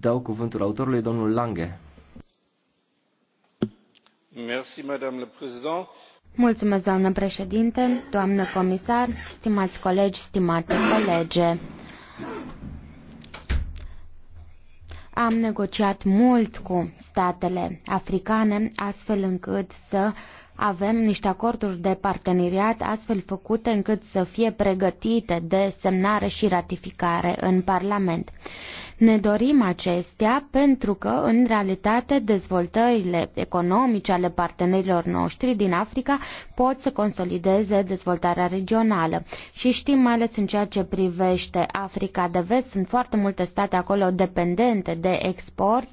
Dau cuvântul autorului, domnul Lange. Merci, Madame le Président. Mulțumesc, doamnă președinte, doamnă comisar, stimați colegi, stimate colege. Am negociat mult cu statele africane astfel încât să avem niște acorduri de parteneriat astfel făcute încât să fie pregătite de semnare și ratificare în Parlament. Ne dorim acestea pentru că, în realitate, dezvoltările economice ale partenerilor noștri din Africa pot să consolideze dezvoltarea regională. Și știm, mai ales în ceea ce privește Africa de Vest, sunt foarte multe state acolo dependente de export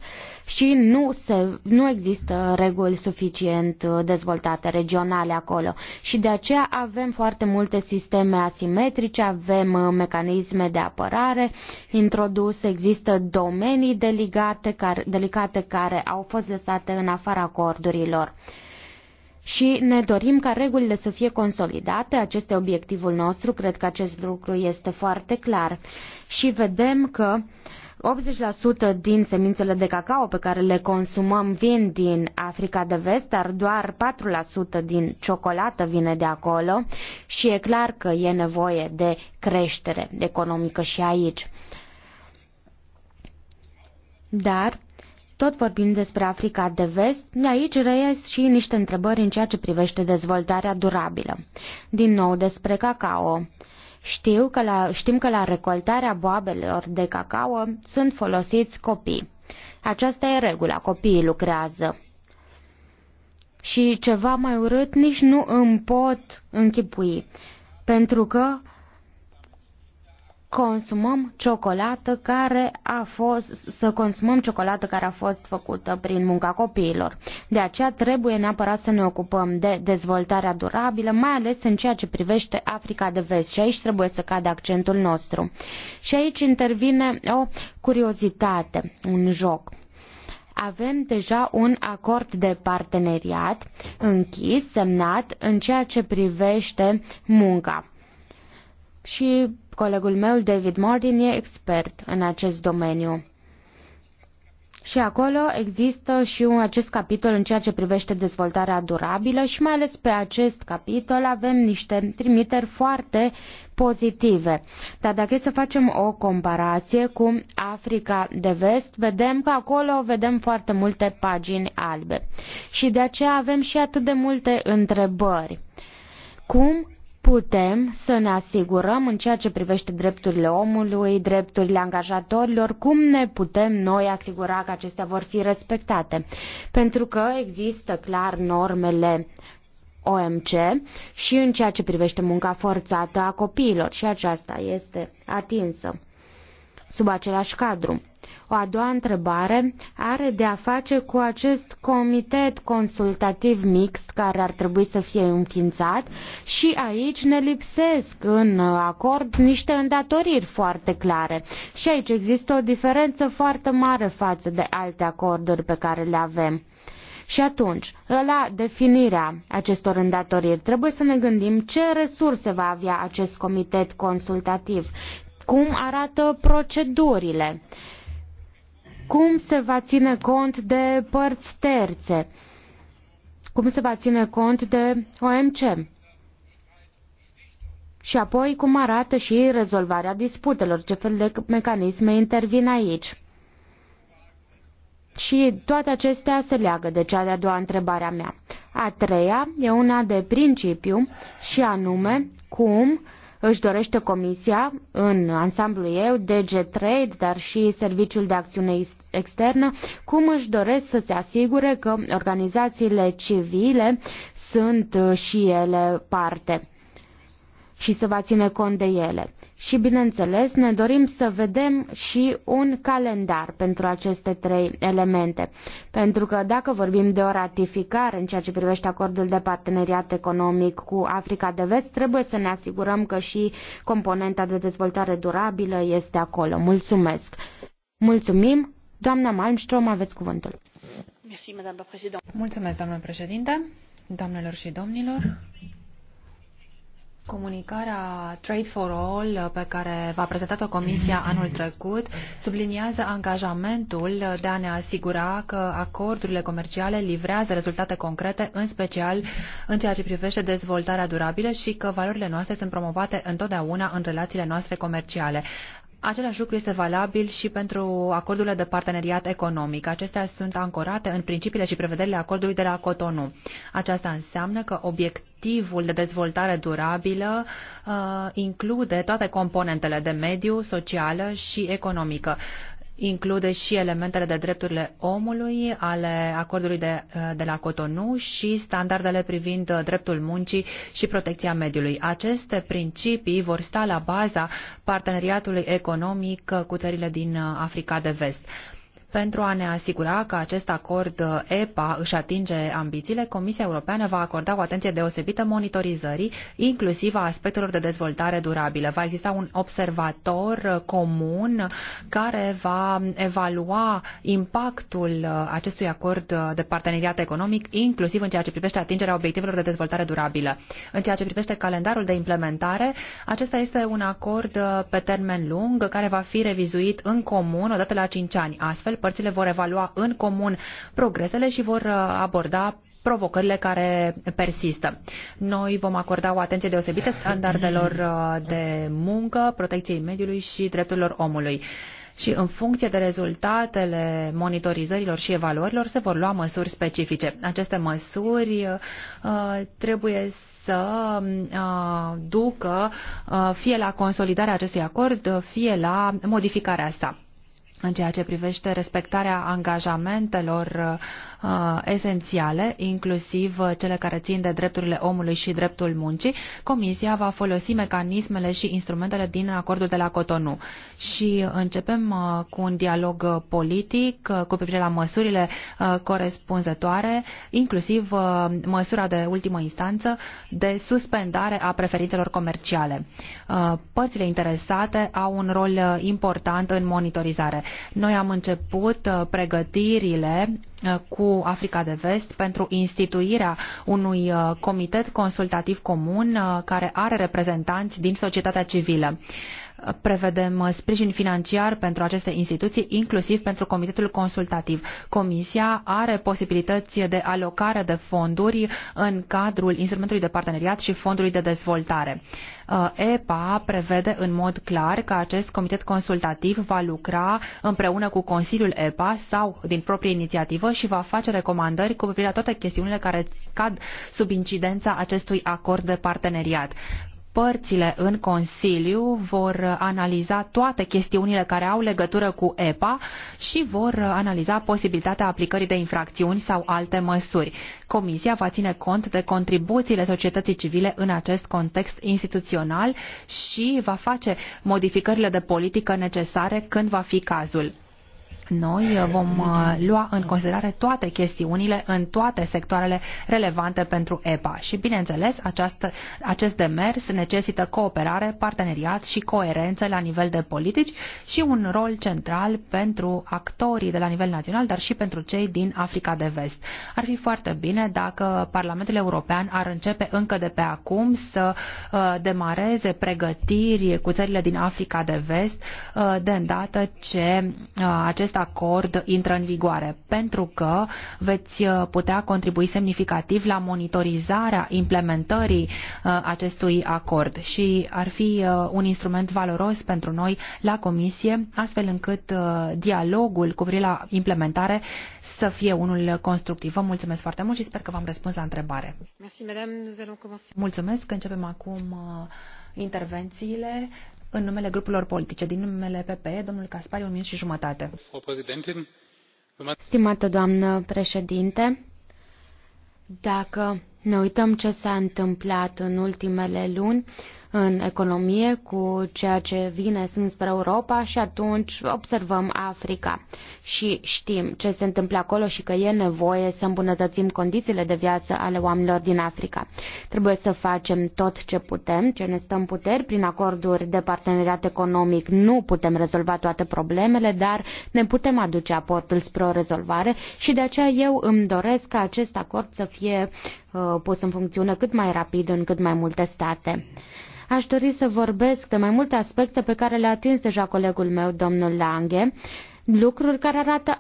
și nu, se, nu există reguli suficient dezvoltate regionale acolo. Și de aceea avem foarte multe sisteme asimetrice, avem mecanisme de apărare introduse, există Există domenii delicate care, delicate care au fost lăsate în afara acordurilor și ne dorim ca regulile să fie consolidate, acesta e obiectivul nostru, cred că acest lucru este foarte clar. Și vedem că 80% din semințele de cacao pe care le consumăm vin din Africa de Vest, dar doar 4% din ciocolată vine de acolo și e clar că e nevoie de creștere economică și aici. Dar, tot vorbind despre Africa de Vest, aici reies și niște întrebări în ceea ce privește dezvoltarea durabilă. Din nou despre cacao. Știu că la, știm că la recoltarea boabelor de cacao sunt folosiți copii. Aceasta e regula, copiii lucrează. Și ceva mai urât nici nu îmi pot închipui, pentru că consumăm ciocolată care a fost, să consumăm ciocolată care a fost făcută prin munca copiilor. De aceea trebuie neapărat să ne ocupăm de dezvoltarea durabilă, mai ales în ceea ce privește Africa de Vest și aici trebuie să cadă accentul nostru. Și aici intervine o curiozitate, un joc avem deja un acord de parteneriat închis, semnat, în ceea ce privește munca. Și Colegul meu, David Martin, e expert în acest domeniu. Și acolo există și un acest capitol în ceea ce privește dezvoltarea durabilă și mai ales pe acest capitol avem niște trimiteri foarte pozitive. Dar dacă e să facem o comparație cu Africa de Vest, vedem că acolo vedem foarte multe pagini albe. Și de aceea avem și atât de multe întrebări. Cum putem să ne asigurăm în ceea ce privește drepturile omului, drepturile angajatorilor, cum ne putem noi asigura că acestea vor fi respectate. Pentru că există clar normele OMC și în ceea ce privește munca forțată a copiilor și aceasta este atinsă sub același cadru. O a doua întrebare are de a face cu acest comitet consultativ mixt care ar trebui să fie înființat și aici ne lipsesc în acord niște îndatoriri foarte clare. Și aici există o diferență foarte mare față de alte acorduri pe care le avem. Și atunci, la definirea acestor îndatoriri, trebuie să ne gândim ce resurse va avea acest comitet consultativ, cum arată procedurile. Cum se va ține cont de părți terțe? Cum se va ține cont de OMC? Și apoi cum arată și rezolvarea disputelor, ce fel de mecanisme intervin aici. Și toate acestea se leagă de cea de-a doua întrebare a mea. A treia e una de principiu și anume cum își dorește Comisia, în ansamblu eu, DG Trade, dar și Serviciul de Acțiune Externă, cum își doresc să se asigure că organizațiile civile sunt uh, și ele parte și să va ține cont de ele. Și, bineînțeles, ne dorim să vedem și un calendar pentru aceste trei elemente. Pentru că dacă vorbim de o ratificare în ceea ce privește acordul de parteneriat economic cu Africa de Vest, trebuie să ne asigurăm că și componenta de dezvoltare durabilă este acolo. Mulțumesc! Mulțumim! Doamna Malmström, aveți cuvântul. Mulțumesc, doamnă președinte, doamnelor și domnilor. Comunicarea Trade for All pe care v-a prezentat-o Comisia anul trecut subliniază angajamentul de a ne asigura că acordurile comerciale livrează rezultate concrete, în special în ceea ce privește dezvoltarea durabilă și că valorile noastre sunt promovate întotdeauna în relațiile noastre comerciale. Același lucru este valabil și pentru acordurile de parteneriat economic. Acestea sunt ancorate în principiile și prevederile acordului de la Cotonou. Aceasta înseamnă că obiectivul de dezvoltare durabilă uh, include toate componentele de mediu, socială și economică include și elementele de drepturile omului ale acordului de, uh, de la Cotonou și standardele privind uh, dreptul muncii și protecția mediului. Aceste principii vor sta la baza parteneriatului economic uh, cu țările din Africa de Vest. Pentru a ne asigura că acest acord uh, EPA își atinge ambițiile, Comisia Europeană va acorda o atenție deosebită monitorizării, inclusiv a aspectelor de dezvoltare durabilă. Va exista un observator uh, comun care va evalua impactul uh, acestui acord de parteneriat economic, inclusiv în ceea ce privește atingerea obiectivelor de dezvoltare durabilă. În ceea ce privește calendarul de implementare, acesta este un acord pe termen lung care va fi revizuit în comun odată la 5 ani. Astfel, părțile vor evalua în comun progresele și vor uh, aborda provocările care persistă. Noi vom acorda o atenție deosebită standardelor uh, de muncă, protecției mediului și drepturilor omului. Și în funcție de rezultatele monitorizărilor și evaluărilor se vor lua măsuri specifice. Aceste măsuri uh, trebuie să uh, ducă fie la consolidarea acestui acord, fie la modificarea sa în ceea ce privește respectarea angajamentelor uh, esențiale, inclusiv uh, cele care țin de drepturile omului și dreptul muncii, Comisia va folosi mecanismele și instrumentele din acordul de la Cotonou. Și începem uh, cu un dialog uh, politic uh, cu privire la măsurile uh, corespunzătoare, inclusiv uh, măsura de ultimă instanță de suspendare a preferințelor comerciale. Uh, părțile interesate au un rol uh, important în monitorizare noi am început uh, pregătirile uh, cu Africa de Vest pentru instituirea unui uh, comitet consultativ comun care are reprezentanți din societatea civilă. Prevedem uh, sprijin financiar pentru aceste instituții, inclusiv pentru Comitetul Consultativ. Comisia are posibilități de alocare de fonduri în cadrul instrumentului de parteneriat și fondului de dezvoltare. Uh, EPA prevede în mod clar că acest comitet consultativ va lucra împreună cu Consiliul EPA sau din proprie inițiativă și va face recomandări cu privire la toate chestiunile care cad sub incidența acestui acord de parteneriat părțile în Consiliu vor analiza toate chestiunile care au legătură cu EPA și vor analiza posibilitatea aplicării de infracțiuni sau alte măsuri. Comisia va ține cont de contribuțiile societății civile în acest context instituțional și va face modificările de politică necesare când va fi cazul noi uh, vom uh, lua în considerare toate chestiunile în toate sectoarele relevante pentru EPA și, bineînțeles, această, acest demers necesită cooperare, parteneriat și coerență la nivel de politici și un rol central pentru actorii de la nivel național, dar și pentru cei din Africa de Vest. Ar fi foarte bine dacă Parlamentul European ar începe încă de pe acum să uh, demareze pregătiri cu țările din Africa de Vest de îndată ce acest acord intră în vigoare, pentru că veți uh, putea contribui semnificativ la monitorizarea implementării uh, acestui acord și ar fi uh, un instrument valoros pentru noi la Comisie, astfel încât dialogul cu privire la implementare să fie unul constructiv. Vă mulțumesc foarte mult și sper că v-am răspuns la întrebare. Mulțumesc. Începem acum intervențiile în numele grupurilor politice. Din numele PPE, domnul Caspari, un minut și jumătate. Stimată doamnă președinte, dacă ne uităm ce s-a întâmplat în ultimele luni, în economie cu ceea ce vine spre Europa și atunci observăm Africa și știm ce se întâmplă acolo și că e nevoie să îmbunătățim condițiile de viață ale oamenilor din Africa. Trebuie să facem tot ce putem, ce ne stăm puteri, prin acorduri de parteneriat economic nu putem rezolva toate problemele, dar ne putem aduce aportul spre o rezolvare și de aceea eu îmi doresc ca acest acord să fie uh, pus în funcțiune cât mai rapid în cât mai multe state. Aș dori să vorbesc de mai multe aspecte pe care le-a atins deja colegul meu, domnul Lange, lucruri care arată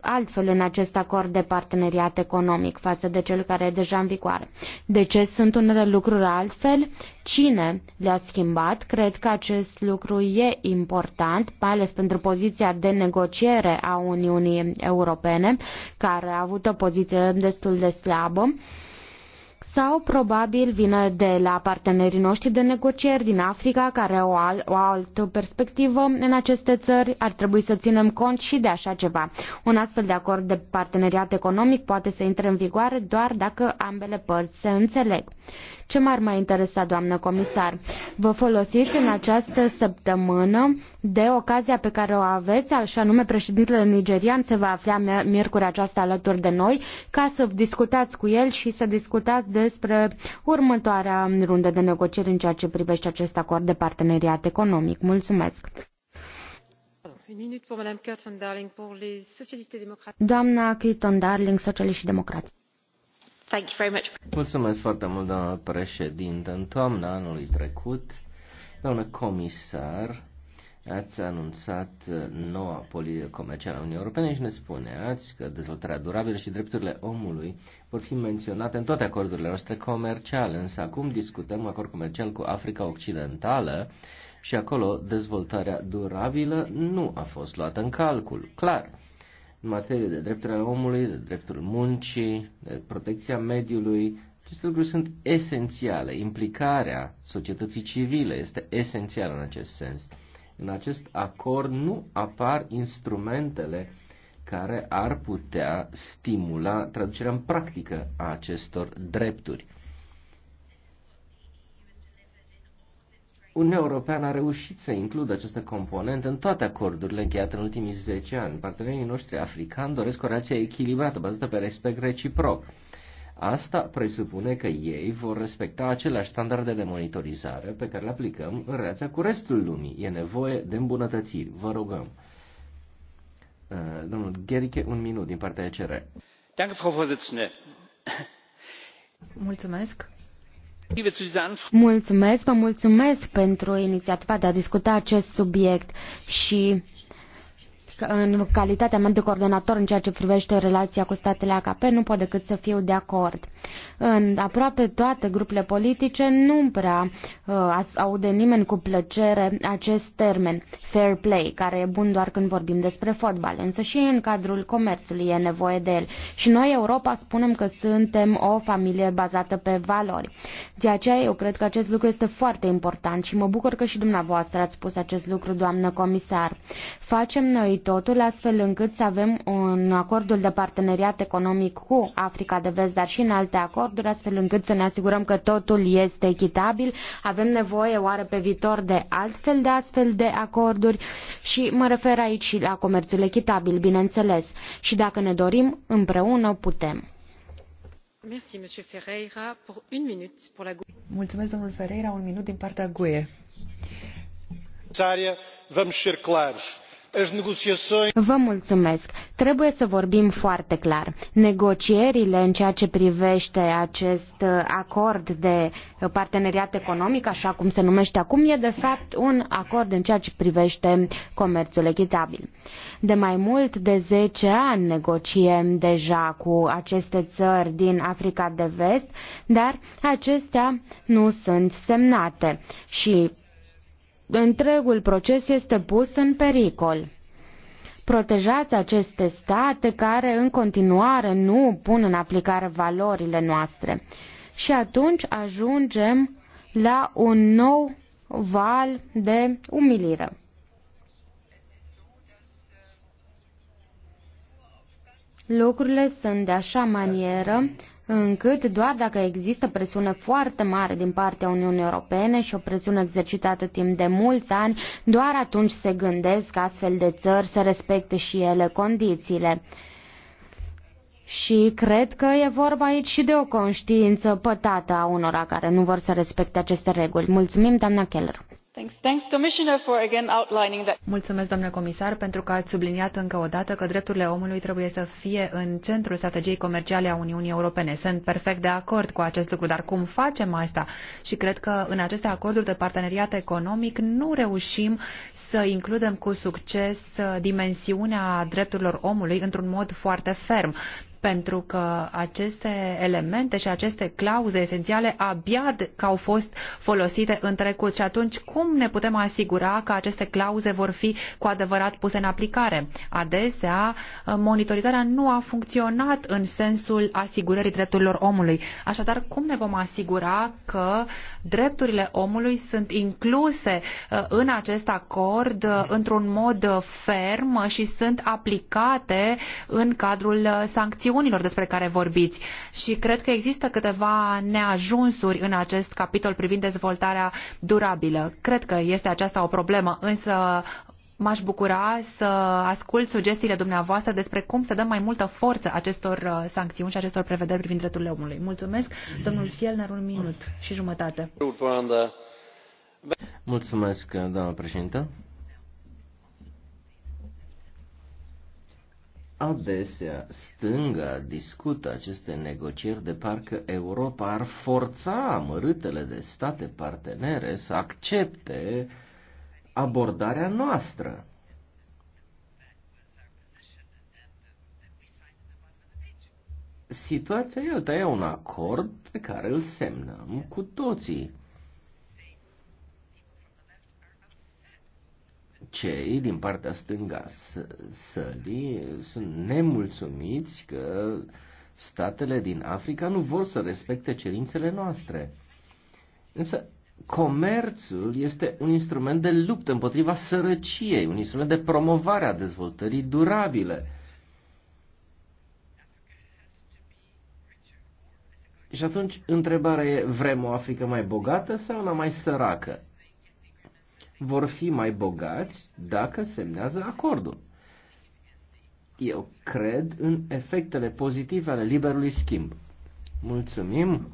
altfel în acest acord de parteneriat economic față de cel care e deja în vigoare. De ce sunt unele lucruri altfel? Cine le-a schimbat? Cred că acest lucru e important, mai ales pentru poziția de negociere a Uniunii Europene, care a avut o poziție destul de slabă. Uh, sau probabil vine de la partenerii noștri de negocieri din Africa care au al, o altă perspectivă în aceste țări. Ar trebui să ținem cont și de așa ceva. Un astfel de acord de parteneriat economic poate să intre în vigoare doar dacă ambele părți se înțeleg. Ce m-ar mai interesa, doamnă comisar? Vă folosiți în această săptămână de ocazia pe care o aveți, așa anume președintele nigerian se va afla miercuri aceasta alături de noi, ca să discutați cu el și să discutați despre următoarea rundă de negocieri în ceea ce privește acest acord de parteneriat economic. Mulțumesc! doamna Clinton darling socialiști și democrați. Thank you very much. Mulțumesc foarte mult, doamnă președintă. În toamna anului trecut, doamnă comisar, ați anunțat noua politică comercială a Uniunii Europene și ne spuneați că dezvoltarea durabilă și drepturile omului vor fi menționate în toate acordurile noastre comerciale, însă acum discutăm acord comercial cu Africa Occidentală și acolo dezvoltarea durabilă nu a fost luată în calcul. Clar, în materie de drepturile omului, de dreptul muncii, de protecția mediului. Aceste lucruri sunt esențiale. Implicarea societății civile este esențială în acest sens. În acest acord nu apar instrumentele care ar putea stimula traducerea în practică a acestor drepturi. Uniunea Europeană a reușit să includă această componentă în toate acordurile încheiate în ultimii 10 ani. Partenerii noștri africani doresc o relație echilibrată, bazată pe respect reciproc. Asta presupune că ei vor respecta aceleași standarde de monitorizare pe care le aplicăm în relația cu restul lumii. E nevoie de îmbunătățiri. Vă rugăm. Uh, domnul Gherike, un minut din partea ECR. Mulțumesc. Mulțumesc, vă mulțumesc pentru inițiativa de a discuta acest subiect și în calitatea mea de coordonator în ceea ce privește relația cu statele AKP, nu pot decât să fiu de acord. În aproape toate grupurile politice nu prea uh, aude nimeni cu plăcere acest termen, fair play, care e bun doar când vorbim despre fotbal, însă și în cadrul comerțului e nevoie de el. Și noi, Europa, spunem că suntem o familie bazată pe valori. De aceea eu cred că acest lucru este foarte important și mă bucur că și dumneavoastră ați spus acest lucru, doamnă comisar. Facem noi totul, astfel încât să avem un acordul de parteneriat economic cu Africa de Vest, dar și în alte acorduri, astfel încât să ne asigurăm că totul este echitabil. Avem nevoie oare pe viitor de altfel de astfel de acorduri și mă refer aici și la comerțul echitabil, bineînțeles. Și dacă ne dorim, împreună putem. Mulțumesc, Ferreira, la... Mulțumesc domnul Ferreira, un minut din partea GUE. Comisaria, vamos ser claros Vă mulțumesc. Trebuie să vorbim foarte clar. Negocierile în ceea ce privește acest uh, acord de uh, parteneriat economic, așa cum se numește acum, e de fapt un acord în ceea ce privește comerțul echitabil. De mai mult de 10 ani negociem deja cu aceste țări din Africa de Vest, dar acestea nu sunt semnate și întregul proces este pus în pericol. Protejați aceste state care în continuare nu pun în aplicare valorile noastre. Și atunci ajungem la un nou val de umilire. Lucrurile sunt de așa manieră încât doar dacă există presiune foarte mare din partea Uniunii Europene și o presiune exercitată timp de mulți ani, doar atunci se gândesc astfel de țări să respecte și ele condițiile. Și cred că e vorba aici și de o conștiință pătată a unora care nu vor să respecte aceste reguli. Mulțumim, doamna Keller. Mulțumesc, doamnă comisar, pentru că ați subliniat încă o dată că drepturile omului trebuie să fie în centrul strategiei comerciale a Uniunii Europene. Sunt perfect de acord cu acest lucru, dar cum facem asta? Și cred că în aceste acorduri de parteneriat economic nu reușim să includem cu succes uh, dimensiunea drepturilor omului într-un mod foarte ferm pentru că aceste elemente și aceste clauze esențiale abia că au fost folosite în trecut și atunci cum ne putem asigura că aceste clauze vor fi cu adevărat puse în aplicare? Adesea, uh, monitorizarea nu a funcționat în sensul asigurării drepturilor omului. Așadar, cum ne vom asigura că drepturile omului sunt incluse uh, în acest acord uh, într-un mod ferm și sunt aplicate în cadrul sancțiunilor? acțiunilor despre care vorbiți și cred că există câteva neajunsuri în acest capitol privind dezvoltarea durabilă. Cred că este aceasta o problemă, însă m-aș bucura să ascult sugestiile dumneavoastră despre cum să dăm mai multă forță acestor uh, sancțiuni și acestor prevederi privind drepturile omului. Mulțumesc, domnul Fielner, un minut și jumătate. Mulțumesc, doamnă președintă. adesea stânga discută aceste negocieri de parcă Europa ar forța amărâtele de state partenere să accepte abordarea noastră. Situația e alta, e un acord pe care îl semnăm cu toții. cei din partea stânga sălii sunt nemulțumiți că statele din Africa nu vor să respecte cerințele noastre. Însă comerțul este un instrument de luptă împotriva sărăciei, un instrument de promovare a dezvoltării durabile. Și atunci întrebarea e, vrem o Africă mai bogată sau una mai săracă? vor fi mai bogați dacă semnează acordul. Eu cred în efectele pozitive ale liberului schimb. Mulțumim!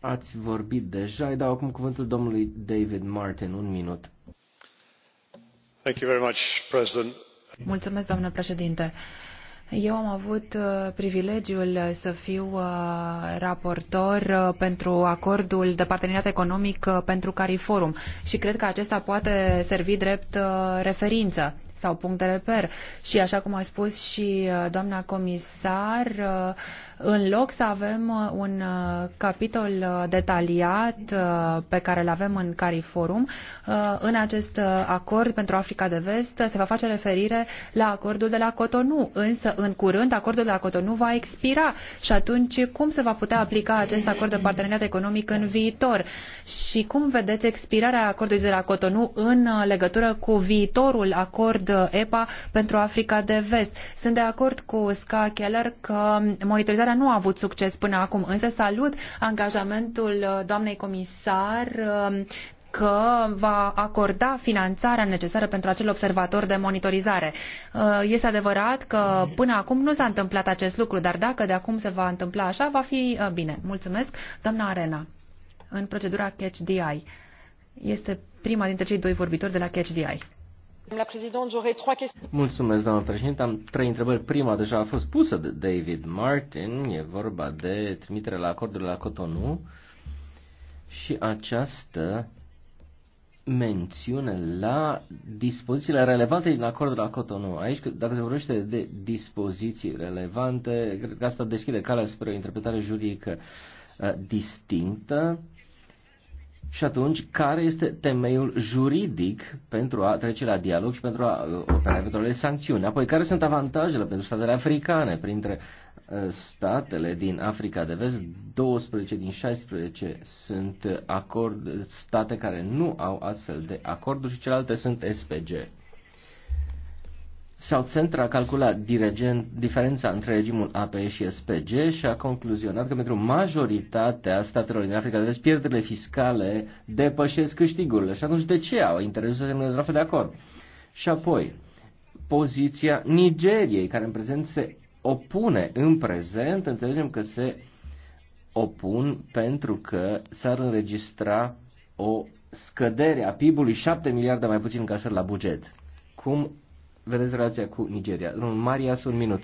Ați vorbit deja, îi dau acum cuvântul domnului David Martin, un minut. Thank you very much, President. Mulțumesc, doamnă președinte. Eu am avut uh, privilegiul să fiu uh, raportor uh, pentru acordul de parteneriat economic pentru Cariforum și cred că acesta poate servi drept referință sau punct de reper. Și așa cum a spus și uh, doamna comisar, uh, în loc să avem uh, un capitol detaliat pe care îl avem în CARIFORUM, în acest acord pentru Africa de Vest se va face referire la acordul de la Cotonou, însă în curând acordul de la Cotonou va expira și atunci cum se va putea aplica acest acord de parteneriat economic în viitor și cum vedeți expirarea acordului de la Cotonou în legătură cu viitorul acord Uh, EPA pentru Africa de Vest. Sunt de acord cu Ska Keller că monitorizarea nu a avut succes până acum, însă salut angajamentul uh, doamnei comisar um, că va acorda finanțarea necesară pentru acel observator de monitorizare. Uh, este adevărat că până acum nu s-a întâmplat acest lucru, dar dacă de acum se va întâmpla așa, va fi bine. Mulțumesc, doamna Arena, în procedura Catch DI. Este prima dintre cei doi vorbitori de la Catch DI. Mulțumesc, doamnă președinte. Am trei întrebări. Prima deja a fost pusă de David Martin. E vorba de trimitere la acordurile la Cotonou și această mențiune la dispozițiile relevante din acordul la Cotonou. Aici, dacă se vorbește de dispoziții relevante, cred că asta deschide calea spre o interpretare juridică uh, distinctă și atunci, care este temeiul juridic pentru a trece la dialog și pentru a uh, opera eventuale sancțiuni? Apoi, care sunt avantajele pentru statele africane? Printre uh, statele din Africa de Vest, 12 din 16 sunt acord, state care nu au astfel de acorduri și celelalte sunt SPG. South Central a calculat dirigent, diferența între regimul APE și SPG și a concluzionat că pentru majoritatea statelor din Africa de Vest pierderile fiscale depășesc câștigurile. Și atunci de ce au interesul să semneze la de acord? Și apoi, poziția Nigeriei, care în prezent se opune în prezent, înțelegem că se opun pentru că s-ar înregistra o scădere a PIB-ului 7 miliarde mai puțin ca să la buget. Cum vedeți relația cu Nigeria. Domnul Marias, un minut.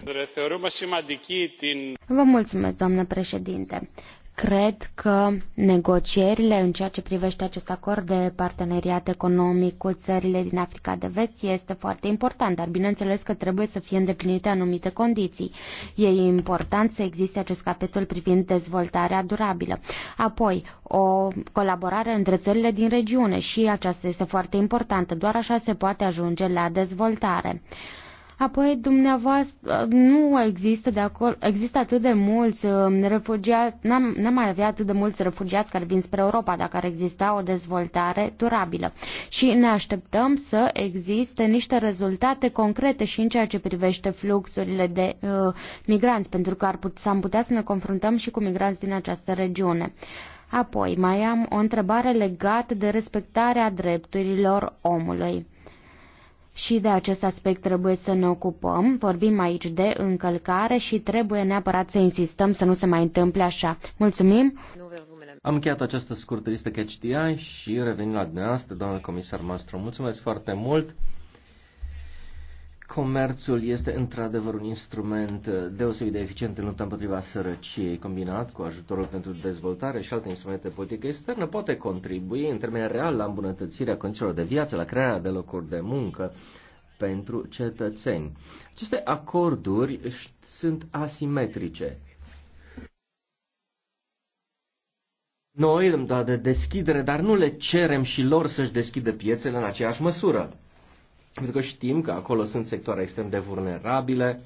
Vă mulțumesc, doamnă președinte. Cred că negocierile în ceea ce privește acest acord de parteneriat economic cu țările din Africa de Vest este foarte important, dar bineînțeles că trebuie să fie îndeplinite anumite condiții. E important să existe acest capitol privind dezvoltarea durabilă. Apoi, o colaborare între țările din regiune și aceasta este foarte importantă. Doar așa se poate ajunge la dezvoltare. Apoi, dumneavoastră, nu există de acolo, există atât de mulți um, refugiați, n-am mai avea atât de mulți refugiați care vin spre Europa dacă ar exista o dezvoltare durabilă. Și ne așteptăm să existe niște rezultate concrete și în ceea ce privește fluxurile de uh, migranți, pentru că ar put, am putea să ne confruntăm și cu migranți din această regiune. Apoi, mai am o întrebare legată de respectarea drepturilor omului. Și de acest aspect trebuie să ne ocupăm. Vorbim aici de încălcare și trebuie neapărat să insistăm să nu se mai întâmple așa. Mulțumim! Am încheiat această scurtă listă CatchDI și revenim la dumneavoastră, doamnă comisar Mastro. Mulțumesc foarte mult! Comerțul este într-adevăr un instrument uh, deosebit de eficient în lupta împotriva sărăciei, combinat cu ajutorul pentru dezvoltare și alte instrumente politică externă, poate contribui în termen real la îmbunătățirea condițiilor de viață, la crearea de locuri de muncă pentru cetățeni. Aceste acorduri sunt asimetrice. Noi îmi da de deschidere, dar nu le cerem și lor să-și deschidă piețele în aceeași măsură pentru că știm că acolo sunt sectoare extrem de vulnerabile,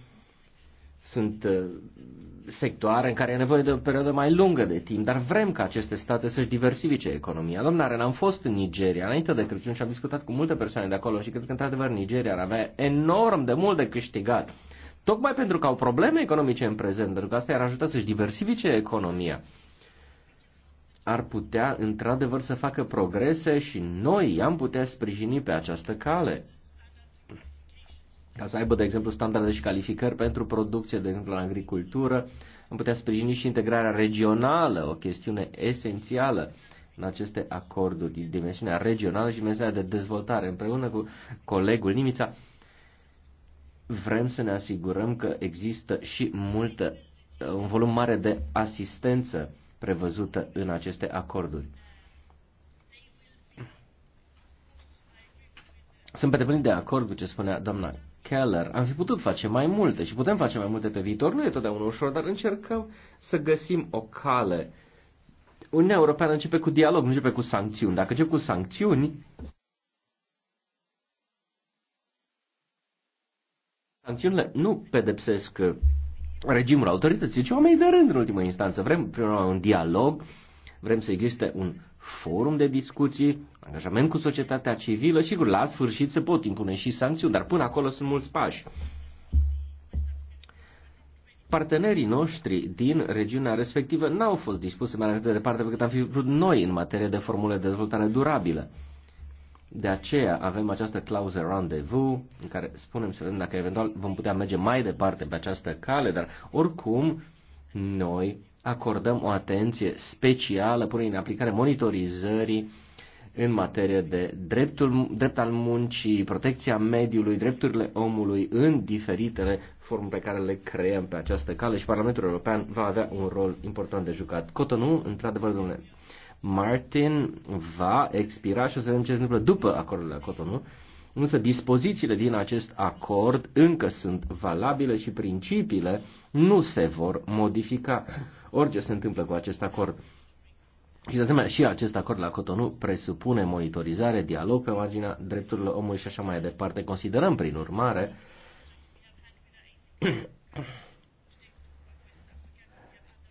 sunt uh, sectoare în care e nevoie de o perioadă mai lungă de timp, dar vrem ca aceste state să-și diversifice economia. Domnare, Aren, am fost în Nigeria înainte de Crăciun și am discutat cu multe persoane de acolo și cred că, într-adevăr, Nigeria ar avea enorm de mult de câștigat. Tocmai pentru că au probleme economice în prezent, pentru că asta i-ar ajuta să-și diversifice economia ar putea într-adevăr să facă progrese și noi am putea sprijini pe această cale ca să aibă, de exemplu, standarde și calificări pentru producție, de exemplu, în agricultură. Am putea sprijini și integrarea regională, o chestiune esențială în aceste acorduri, dimensiunea regională și dimensiunea de dezvoltare. Împreună cu colegul Nimița vrem să ne asigurăm că există și multă, un volum mare de asistență prevăzută în aceste acorduri. Sunt pe deplin de acord cu ce spunea doamna Keller. Am fi putut face mai multe și putem face mai multe pe viitor. Nu e totdeauna ușor, dar încercăm să găsim o cale. Uniunea Europeană începe cu dialog, nu începe cu sancțiuni. Dacă începe cu sancțiuni, sancțiunile nu pedepsesc uh, regimul autorității, ci oamenii de rând în ultimă instanță. Vrem, prin urmă, un dialog, vrem să existe un forum de discuții, angajament cu societatea civilă, sigur, la sfârșit se pot impune și sancțiuni, dar până acolo sunt mulți pași. Partenerii noștri din regiunea respectivă n-au fost dispuse să meargă atât de departe pentru că am fi vrut noi în materie de formule de dezvoltare durabilă. De aceea avem această clauză rendezvous în care spunem să vedem dacă eventual vom putea merge mai departe pe această cale, dar oricum noi acordăm o atenție specială până în aplicare monitorizării în materie de dreptul, drept al muncii, protecția mediului, drepturile omului în diferitele forme pe care le creăm pe această cale și Parlamentul European va avea un rol important de jucat. Cotonou, într-adevăr, domnule Martin, va expira și o să vedem ce se întâmplă după acordul la Cotonou, însă dispozițiile din acest acord încă sunt valabile și principiile nu se vor modifica orice se întâmplă cu acest acord. Și de asemenea și acest acord la Cotonou presupune monitorizare, dialog pe marginea drepturilor omului și așa mai departe. Considerăm prin urmare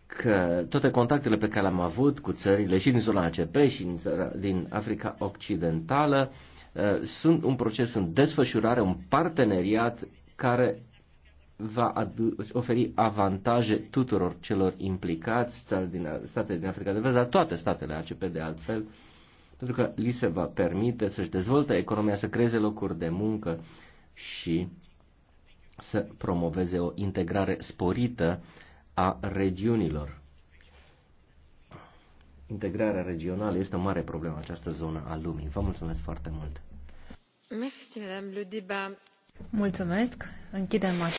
că toate contactele pe care le-am avut cu țările și din zona ACP și din, din Africa Occidentală uh, sunt un proces în desfășurare, un parteneriat care va oferi avantaje tuturor celor implicați, din, statele din Africa de Vest, dar toate statele ACP de altfel, pentru că li se va permite să-și dezvolte economia, să creeze locuri de muncă și să promoveze o integrare sporită a regiunilor. Integrarea regională este o mare problemă în această zonă a lumii. Vă mulțumesc foarte mult! Mulțumesc. Închidem